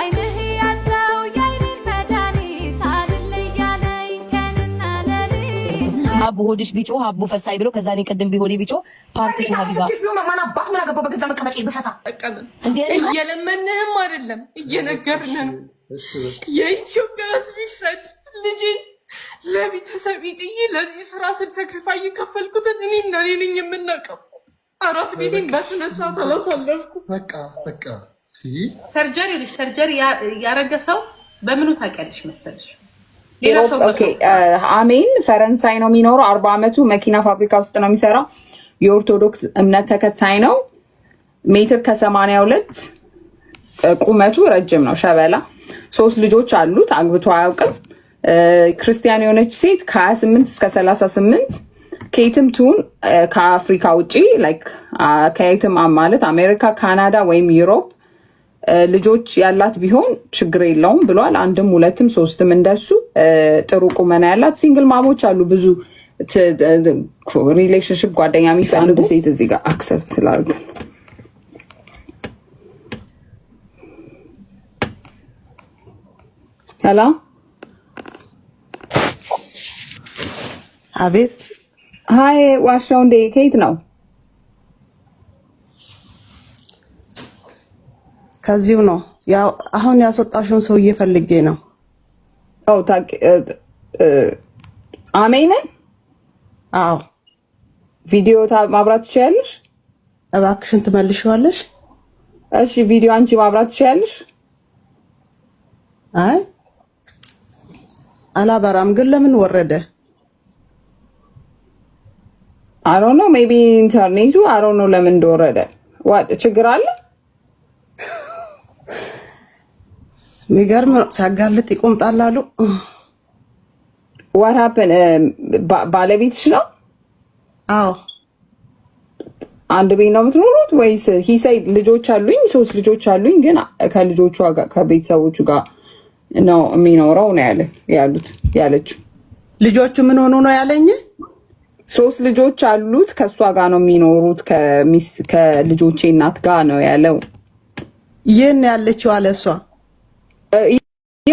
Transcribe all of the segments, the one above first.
አይንህ አቦ ሆድሽ ቢጮ አቦ ፈሳይ ብሎ ከዛ እኔ ቅድም ቢሆኔ ቢጮ ፓርቲ ሀቢባ ማን አባቱ እየለመንህም አይደለም እየነገርን ነው። የኢትዮጵያ ሕዝብ ይፍረድ። ልጅን ለቤተሰብ ጥዬ ለዚህ ስራ ስል ሰክሪፋይ የከፈልኩትን እኔ እና እኔ ነኝ የምናውቀው። አራስ ቤቴን በስነስርዓት አላሳለፍኩ። በቃ በቃ ሰርጀሪ ሰርጀሪ ያረገ ሰው በምኑ ታውቂያለሽ መሰለሽ? አሜን ፈረንሳይ ነው የሚኖረው። አርባ ዓመቱ መኪና ፋብሪካ ውስጥ ነው የሚሰራው። የኦርቶዶክስ እምነት ተከታይ ነው። ሜትር ከሰማንያ ሁለት ቁመቱ ረጅም ነው። ሸበላ ሶስት ልጆች አሉት። አግብቶ አያውቅም። ክርስቲያን የሆነች ሴት ከ28 እስከ 38 ከየትም ትሁን ከአፍሪካ ውጪ ከየትም ማለት አሜሪካ፣ ካናዳ ወይም ዩሮፕ ልጆች ያላት ቢሆን ችግር የለውም ብሏል። አንድም ሁለትም ሶስትም እንደሱ ጥሩ ቁመና ያላት ሲንግል ማሞች አሉ ብዙ ሪሌሽንሽፕ ጓደኛ አንድ ሴት እዚህ ጋር አክሰፕት ላርግ ሰላም አቤት ሀይ ዋሻው እንደ ከየት ነው? ከዚሁ ነው። አሁን ያስወጣሽውን ሰውዬ ፈልጌ ነው። አሜንን። አዎ፣ ቪዲዮ ማብራት ትችያለሽ። እባክሽን ትመልሺዋለሽ። እሺ፣ ቪዲዮ አንቺ ማብራት ትችያለሽ። አይ አላበራም። ግን ለምን ወረደ? አሮ ነው ሜቢ ኢንተርኔቱ አሮ ነው ለምን እንደወረደ። ችግር አለ የሚገርም ሲያጋልጥ ይቆምጣላሉ። አሉ። ባለቤትሽ ነው? አዎ። አንድ ቤት ነው የምትኖሩት ወይስ? ሂሳይ ልጆች አሉኝ፣ ሶስት ልጆች አሉኝ፣ ግን ከልጆቹ ከቤተሰቦቹ ጋር ነው የሚኖረው ነው ያለ ያሉት ያለችው። ልጆቹ ምን ሆኑ ነው ያለኝ? ሶስት ልጆች አሉት ከእሷ ጋር ነው የሚኖሩት ከልጆቼ እናት ጋር ነው ያለው። ይህን ያለችው አለ እሷ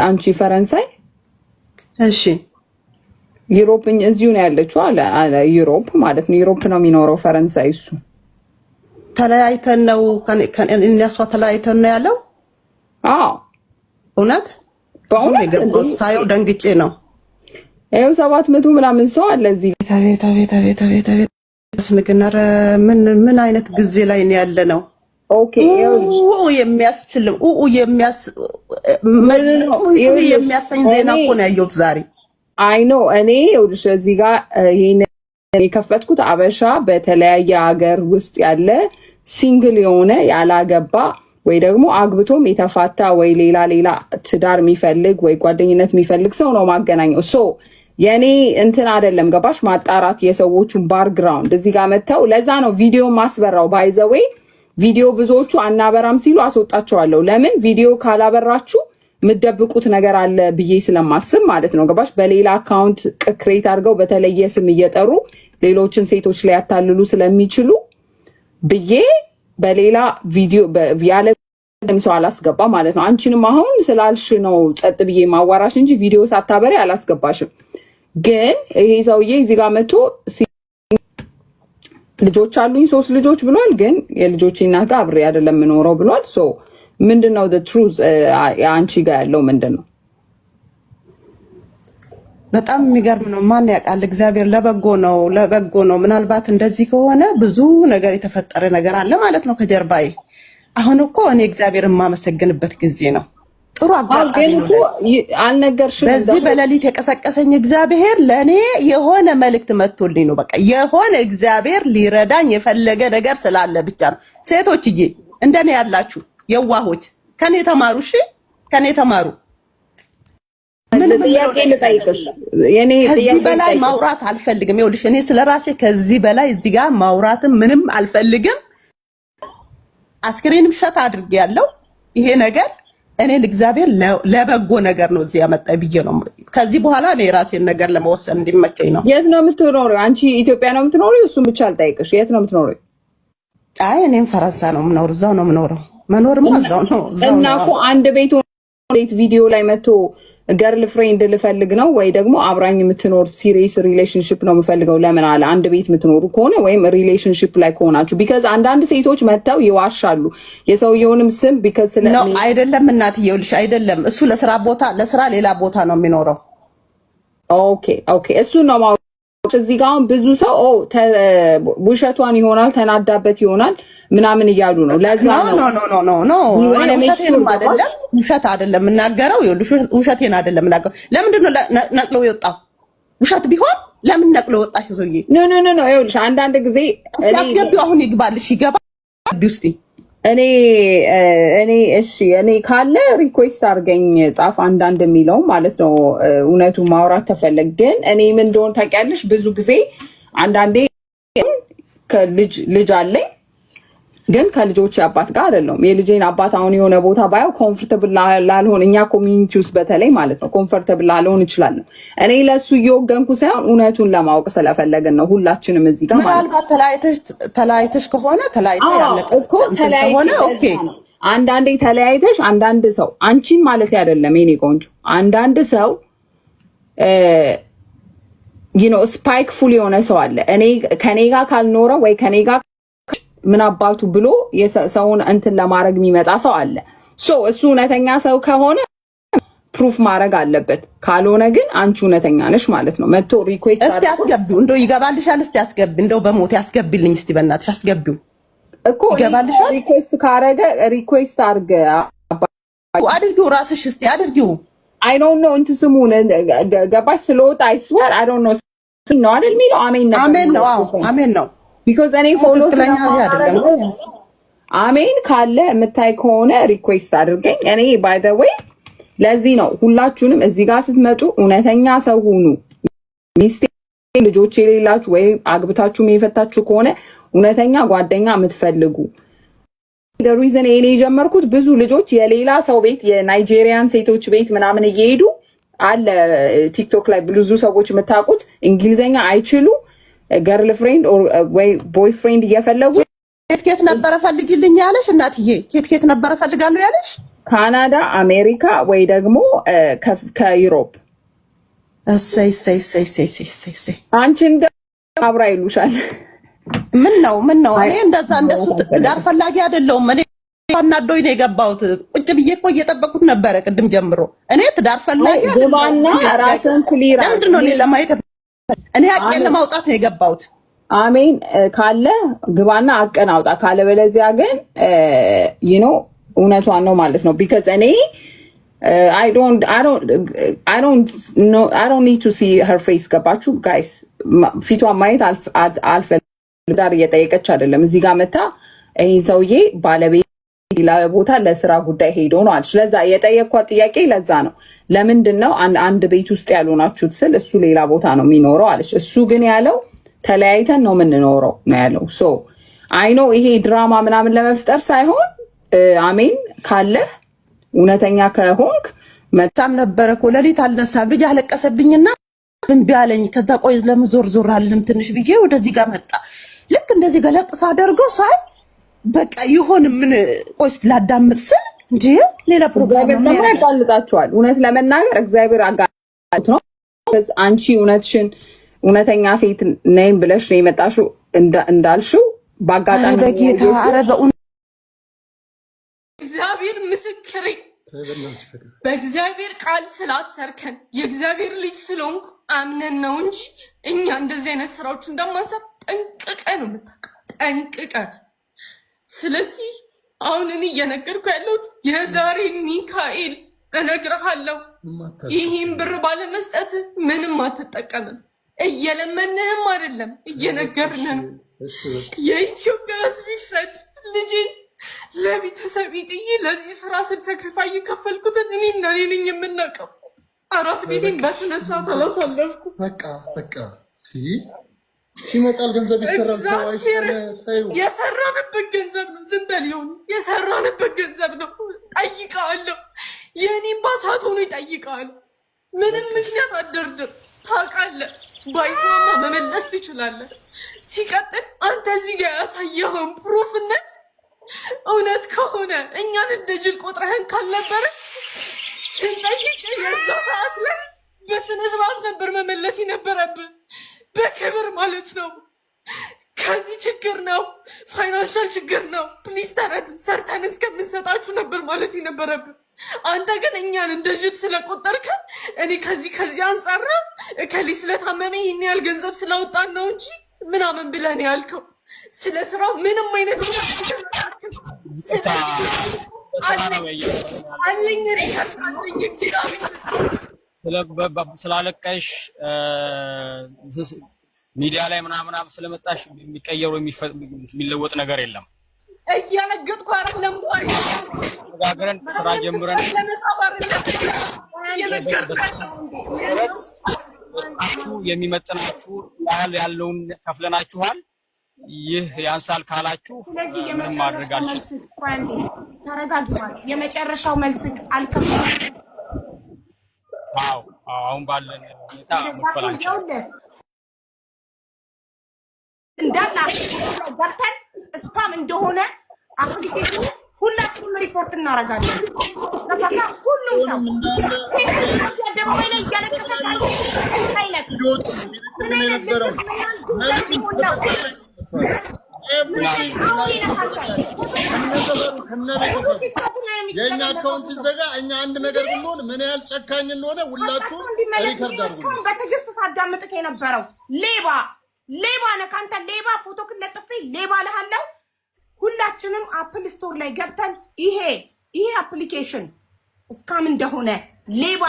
አንቺ ፈረንሳይ እሺ፣ ዩሮፕ እዚሁ ነው ያለችው አለ ዩሮፕ ማለት ነው። ዩሮፕ ነው የሚኖረው ፈረንሳይ። እሱ ተለያይተን ነው እነሷ ተለያይተን ነው ያለው። አዎ እውነት በአሁኑ የገባት ሳየው ደንግጬ ነው። ይኸው ሰባት መቶ ምናምን ሰው አለ እዚህ። ቤታ ቤታ ቤታ ቤታ ቤታ ምን ምን አይነት ጊዜ ላይ ነው ያለ ነው? የሚያስችልም የሚያሰኝ ዜና እኮ ነው ያየሁት ዛሬ። አይ ኖ እኔ ይኸውልሽ እዚህ ጋር ይሄን የከፈትኩት አበሻ በተለያየ ሀገር ውስጥ ያለ ሲንግል የሆነ ያላገባ ወይ ደግሞ አግብቶም የተፋታ ወይ ሌላ ሌላ ትዳር የሚፈልግ ወይ ጓደኝነት የሚፈልግ ሰው ነው ማገናኘው። ሶ የእኔ እንትን አይደለም ገባሽ? ማጣራት የሰዎቹን ባክግራውንድ እዚህ ጋር መጥተው ለዛ ነው ቪዲዮ ማስበራው ባይዘዌይ ቪዲዮ ብዙዎቹ አናበራም ሲሉ አስወጣቸዋለሁ። ለምን ቪዲዮ ካላበራችሁ ምደብቁት ነገር አለ ብዬ ስለማስብ ማለት ነው። ገባሽ? በሌላ አካውንት ቅክሬት አድርገው በተለየ ስም እየጠሩ ሌሎችን ሴቶች ላይ ያታልሉ ስለሚችሉ ብዬ በሌላ ቪዲዮ ያለ ሰው አላስገባ ማለት ነው። አንቺንም አሁን ስላልሽ ነው ጸጥ ብዬ ማዋራሽ እንጂ ቪዲዮ ሳታበሪ አላስገባሽም። ግን ይሄ ሰውዬ እዚህ ጋር መቶ ልጆች አሉኝ ሶስት ልጆች ብሏል። ግን የልጆች እናት ጋር አብሬ አይደለም የምኖረው ብሏል። ሶ ምንድን ነው ትሩዝ አንቺ ጋር ያለው ምንድን ነው? በጣም የሚገርም ነው። ማን ያውቃል? እግዚአብሔር ለበጎ ነው፣ ለበጎ ነው። ምናልባት እንደዚህ ከሆነ ብዙ ነገር የተፈጠረ ነገር አለ ማለት ነው ከጀርባዬ። አሁን እኮ እኔ እግዚአብሔር የማመሰግንበት ጊዜ ነው። ጥሩ አጋጣሚ አልነገርሽም። በዚህ በሌሊት የቀሰቀሰኝ እግዚአብሔር ለእኔ የሆነ መልእክት መጥቶልኝ ነው። በቃ የሆነ እግዚአብሔር ሊረዳኝ የፈለገ ነገር ስላለ ብቻ ነው። ሴቶችዬ እንደኔ ያላችሁ የዋሆች ከኔ ተማሩ፣ እሺ ከኔ ተማሩ። ከዚህ በላይ ማውራት አልፈልግም። ይኸውልሽ እኔ ስለራሴ ከዚህ በላይ እዚህ ጋር ማውራትም ምንም አልፈልግም። አስክሬንም ሸት አድርጌ ያለው ይሄ ነገር እኔን እግዚአብሔር ለበጎ ነገር ነው እዚህ ያመጣ ብዬ ነው። ከዚህ በኋላ እኔ የራሴን ነገር ለመወሰን እንዲመቸኝ ነው። የት ነው የምትኖሪው? አንቺ ኢትዮጵያ ነው የምትኖሪው? እሱም ብቻ አልጠይቅሽ። የት ነው የምትኖሪው? አይ እኔም ፈረንሳ ነው የምኖር። እዛው ነው የምኖረው። መኖርማ እዛው ነው። እና እኮ አንድ ቤት ቪዲዮ ላይ መጥቶ ገርል ፍሬንድ ልፈልግ ነው ወይ ደግሞ አብራኝ የምትኖር ሲሪየስ ሪሌሽንሽፕ ነው የምፈልገው። ለምን አለ አንድ ቤት የምትኖሩ ከሆነ ወይም ሪሌሽንሽፕ ላይ ከሆናችሁ፣ ቢካዝ አንዳንድ ሴቶች መጥተው ይዋሻሉ የሰውየውንም ስም ቢካዝ ስለ አይደለም እናትየው ልሽ አይደለም እሱ ለስራ ቦታ ለስራ ሌላ ቦታ ነው የሚኖረው። ኦኬ ኦኬ እሱ ነው እዚህ ጋር አሁን ብዙ ሰው ውሸቷን ይሆናል ተናዳበት ይሆናል ምናምን እያሉ ነው። ለዛ ነው ውሸት አይደለም የምናገረው። ውሸቴን አይደለም የምናገረው። ለምንድን ነው ነቅሎ የወጣው? ውሸት ቢሆን ለምን ነቅሎ ወጣሽ? ሰውዬ ኖ ኖ ኖ። ይኸውልሽ አንዳንድ ጊዜ ያስገቢው አሁን ይግባልሽ ይገባ ውስጤ እኔ እኔ እሺ እኔ ካለ ሪኩዌስት አድርገኝ ጻፍ፣ አንዳንድ የሚለው ማለት ነው። እውነቱ ማውራት ተፈለግ ግን እኔ ምን እንደሆነ ታውቂያለሽ፣ ብዙ ጊዜ አንዳንዴ ልጅ ልጅ አለኝ ግን ከልጆች አባት ጋር አይደለም። የልጄን አባት አሁን የሆነ ቦታ ባየው ኮንፈርተብል ላልሆን እኛ ኮሚኒቲ ውስጥ በተለይ ማለት ነው ኮንፈርተብል ላልሆን ይችላል። እኔ ለእሱ እየወገንኩ ሳይሆን እውነቱን ለማወቅ ስለፈለግን ነው ሁላችንም እዚህ ጋር ምናልባት ተለያይተሽ ተለያይተሽ ከሆነ ተለያይተ ያለቀ ከሆነ ኦኬ አንዳንዴ ተለያይተሽ አንዳንድ ሰው አንቺን ማለት አይደለም የኔ ቆንጆ፣ አንዳንድ ሰው ስፓይክፉል የሆነ ሰው አለ። እኔ ከኔ ጋር ካልኖረ ወይ ከኔ ጋር ምን አባቱ ብሎ ሰውን እንትን ለማድረግ የሚመጣ ሰው አለ። ሶ እሱ እውነተኛ ሰው ከሆነ ፕሩፍ ማድረግ አለበት። ካልሆነ ግን አንቺ እውነተኛ ነሽ ማለት ነው። መቶ ሪኩዌስት እስቲ አስገቢው፣ እንደው ይገባልሻል። እስቲ አስገቢ፣ እንደው በሞት ያስገቢልኝ እስቲ በእናትሽ አስገቢው እኮ ይገባልሻል። ሪኩዌስት ካረገ ሪኩዌስት አርገ አድርጊው፣ ራስሽ እስቲ አድርጊው። አይ ዶንት ኖ እንትን ስሙን ገባሽ ስለወጣ አይስወር አይ ዶንት ኖ ነው አይደል የሚለው። አሜን ነው፣ አሜን ነው። ቢኮዝ እኔ ፎሎ አሜን ካለ የምታይ ከሆነ ሪኩዌስት አድርገኝ። እኔ ባይ ዘ ዌይ ለዚህ ነው ሁላችሁንም እዚህ ጋር ስትመጡ እውነተኛ ሰው ሁኑ። ሚስቴ ልጆች የሌላችሁ ወይ አግብታችሁ የፈታችሁ ከሆነ እውነተኛ ጓደኛ የምትፈልጉ ሪዝን እኔ የጀመርኩት ብዙ ልጆች የሌላ ሰው ቤት የናይጄሪያን ሴቶች ቤት ምናምን እየሄዱ አለ ቲክቶክ ላይ ብዙ ሰዎች የምታውቁት እንግሊዝኛ አይችሉ ገርል ፍሬንድ ወይ ቦይ ፍሬንድ እየፈለጉ ኬት ኬት ነበረ ፈልግልኝ ያለሽ እናትዬ? ኬት ኬት ነበረ ፈልጋለሁ ያለሽ? ካናዳ፣ አሜሪካ ወይ ደግሞ ከዩሮፕ። እሰይ እሰይ እሰይ እሰይ እሰይ እሰይ። አንቺን አብራ ይሉሻል። ምን ነው ምን ነው? እኔ እንደዛ እንደሱ ትዳር ፈላጊ አይደለሁም። እኔ አናዶኝ ነው የገባሁት። ቁጭ ብዬ እኮ እየጠበቁት ነበረ ቅድም ጀምሮ። እኔ ትዳር ፈላጊ አይደለሁም። ለምንድን ነው እኔ ለማየት እኔ አቄን ለማውጣት ነው የገባሁት። አሜን ካለ ግባና አቀን አውጣ፣ በለዚያ ግን ይኖ እውነቷን ነው ማለት ነው። ቢከዝ እኔ አይ ኒድ ቱ ሲ ሄር ፌስ ገባችሁ ጋይስ። ፊቷን ማየት አልፈልግም። ዳር እየጠየቀች አይደለም እዚህ ጋር መታ ይህን ሰውዬ ባለቤት ሌላ ቦታ ለስራ ጉዳይ ሄዶ ነው አለች። ለዛ የጠየኳት ጥያቄ ለዛ ነው። ለምንድን ነው አንድ ቤት ውስጥ ያልሆናችሁት ስል እሱ ሌላ ቦታ ነው የሚኖረው አለች። እሱ ግን ያለው ተለያይተን ነው የምንኖረው ነው ያለው። ሶ አይኖ ይሄ ድራማ ምናምን ለመፍጠር ሳይሆን አሜን ካለህ እውነተኛ ከሆንክ መታም ነበረ እኮ ለሊት አልነሳም። ልጅ አለቀሰብኝና እምቢ አለኝ። ከዛ ቆይ ለምን ዞር ዞር ትንሽ ብዬ ወደዚህ ጋር መጣ። ልክ እንደዚህ ገለጥ ሳደርገው ሳይ በቃ ይሆን ምን ቆስት ላዳምጥ ስል እንጂ ሌላ ፕሮግራም ነው ያጋልጣቸዋል። እውነት ለመናገር እግዚአብሔር አጋልጥ ነው። አንቺ እውነትሽን እውነተኛ ሴት ነይም ብለሽ ነው የመጣሽው እንዳልሽው በአጋጣሚ በጌታ እግዚአብሔር ምስክሬ በእግዚአብሔር ቃል ስላሰርከን የእግዚአብሔር ልጅ ስለሆንኩ አምነን ነው እንጂ እኛ እንደዚህ አይነት ስራዎች እንደማንሳት ጠንቅቀ ነው የምታውቀው ጠንቅቀ ስለዚህ አሁን እኔ እየነገርኩ ያለሁት የዛሬ ሚካኤል እነግርሃለሁ፣ ይህም ብር ባለመስጠት ምንም አትጠቀምም። እየለመንህም አይደለም እየነገርን ነው። የኢትዮጵያ ሕዝብ ይፍረድ። ልጅን ለቤተሰብ ጥዬ ለዚህ ስራ ስል ሰክሪፋይ የከፈልኩትን እኔና እና እኔ ነኝ የምናውቀው። አራስ ቤቴን በስነስርዓት አላሳለፍኩ። በቃ በቃ ይመጣል ገንዘብ ይሰራል። የሰራንበት ገንዘብ ነው። ዝም በል ይሁን፣ የሰራንበት ገንዘብ ነው። ጠይቀዋለሁ፣ የእኔም ባሳት ሆኖ ይጠይቀዋል። ምንም ምክንያት አደርድር። ታውቃለህ፣ ባይስማማ መመለስ ትችላለህ። ሲቀጥል አንተ እዚህ ጋር ያሳየኸውን ፕሩፍነት እውነት ከሆነ እኛን እንደ ጅል ቆጥረህን ካልነበረ ስንጠይቅ የዛ ሰዓት ላይ በስነ ስርዓት ነበር መመለስ ይነበረብን። በክብር ማለት ነው። ከዚህ ችግር ነው፣ ፋይናንሻል ችግር ነው። ፕሊስ ተረዱ። ሰርተን እስከምንሰጣችሁ ነበር ማለት ነበረብን። አንተ ግን እኛን እንደ ጅት ስለቆጠርከ እኔ ከዚህ ከዚህ አንጻር ነው እከሌ ስለታመመ ይህን ያህል ገንዘብ ስላወጣን ነው እንጂ ምናምን ብለን ያልከው ስለ ስራው ምንም አይነት አለኝ ሬከርድ አለኝ ስላለቀሽ ሚዲያ ላይ ምናምናም ስለመጣሽ የሚቀየሩ የሚለወጥ ነገር የለም። እያነገጥኩ አይደለም። ተነጋግረን ስራ ጀምረን ሁ የሚመጥናችሁ ያህል ያለውን ከፍለናችኋል። ይህ ያንሳል ካላችሁ ምንም ማድረግ አልችልም። ተረጋግቷል። የመጨረሻው መልስ አልከፍልም አዎ አሁን ባለን ሁኔታ መክፈላቸው ገብተን ስፓም እንደሆነ አፕሊኬሽኑ ሁላችሁም ሪፖርት እናደርጋለን። ከዛ ሁሉም ሰው አደባባይ የእኛ አካውንት ሲዘጋ እኛ አንድ ነገር ብንሆን ምን ያህል ጨካኝ እንደሆነ ሁላችሁም ሪከርድ አድርጉ። በትዕግስት ሳዳምጥክ የነበረው ሌባ ሌባ ነህ ከአንተ ሌባ ፎቶ ክለጥፌ ሌባ ልሃለው። ሁላችንም አፕል ስቶር ላይ ገብተን ይሄ ይሄ አፕሊኬሽን እስካም እንደሆነ ሌባ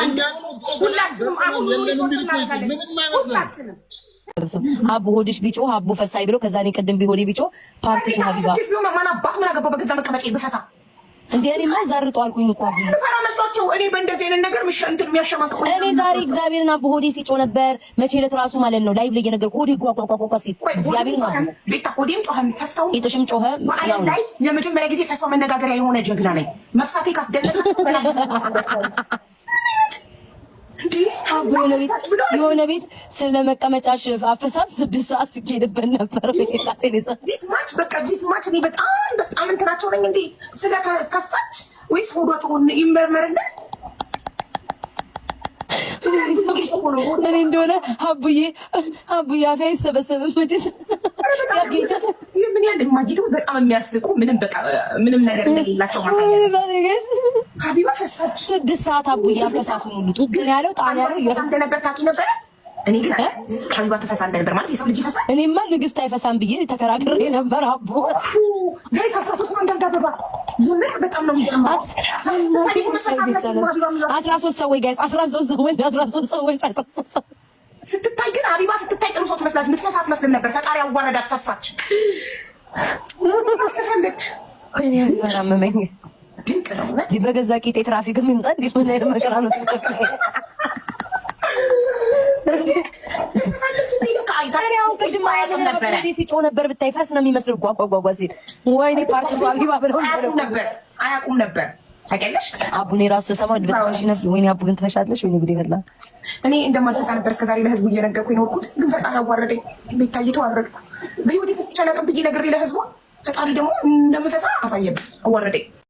ሁላችንም ሀቡ ሆድሽ ቢጮ ሀቡ ፈሳይ ብሎ ከዛ እኔ ቅድም ቢሆን ቢጮ ፓርቲ ነው ማን አባቱ ምን አገባው በገዛ መቀመጫ ብፈሳ እንዴ እኔማ ዛርጦ አልኩኝ እኮ ፈራ መስሏቸው። እኔ በእንደዚህ አይነት ነገር እንትን የሚያሸማቅቁ እኔ ዛሬ እግዚአብሔርን አብ ሆዴ ሲጮ ነበር። መቼ ዕለት ራሱ ማለት ነው ላይቭ ላይ የነገርኩህ ሆዴ ጓጓጓጓ ሲል እግዚአብሔር ነው ቤታ ሆዴም ጮኸ፣ ፈሳው ጤጥሽም ጮኸ። በዓለም ላይ ለመጀመሪያ ጊዜ ፈሳው መነጋገሪያ የሆነ ጀግና ነኝ። መፍሳቴ ካስደነቃቸው የሆነ ቤት ስለ መቀመጫሽ አፈሳስ ስድስት ሰዓት ሲኬድበት ነበር። ዲስማች በቃ ዲስማች እኔ በጣም በጣም እንትናቸው ነኝ እንዴ ስለ ፈሳች ወይስ ሆዷቸው ይመርመርልን። እኔ እንደሆነ አቡዬ አቡዬ አፌ አይሰበሰብም መቼስ ምን በጣም የሚያስቁ ምንም በቃ ምንም ነገር እንደሌላቸው ማሳያ ሀቢባ ፈሳች ስድስት ሰዓት አቡዬ አፈሳሱ ነው ልጡት ግን ያለው ጣሊያ ነው እንደነበር ታውቂ ነበረ። እኔ ግን ሀቢባ ተፈሳ እንደነበር ማለት የሰው ልጅ ይፈሳል። እኔማ ንግስት አይፈሳም ብዬ ተከራክሬ ነበር። አቦ ጋይስ አስራ ሶስት ነው እንዳዳበባ አስራ ሶስት ሰዎች ጋይስ አስራ ሶስት ሰዎች አስራ ሶስት ሰዎች አስራ ሶስት ሰዎች ስትታይ ግን ሀቢባ ስትታይ ጥሩ ሰው ትመስላለች። የምትፈሳ አትመስልም ነበር። ፈጣሪ አዋረዳት። ፈሳች ፈሳለች። ያመመኝ ድንቅ ነው። በገዛ ቂጤ ትራፊክ የሚመጣ እንዴት ሆነ መከራ ነው። ሲጮህ ነበር ብታይ ፈስ ነው የሚመስል ጓጓጓጓ ሲል ወይኔ ፓርቲ ነበር አያውቁም ነበር ታውቂያለሽ አቡኔ ራሱ ስሰማ በጣም ነበር። ወይኔ አቡ ግን ትፈሻለሽ። ወይኔ ጉዴ ፈላ። እኔ እንደማልፈሳ ነበር እስከዛሬ ለህዝቡ እየነገርኩ የኖርኩት፣ ግን ፈጣን አዋረደኝ። ቤታዬ አረድኩ። በህይወቴ ፈስቼ አላውቅም ብዬ ነግሬ ለህዝቡ ፈጣሪ ደግሞ እንደምፈሳ አሳየብኝ፣ አዋረደኝ።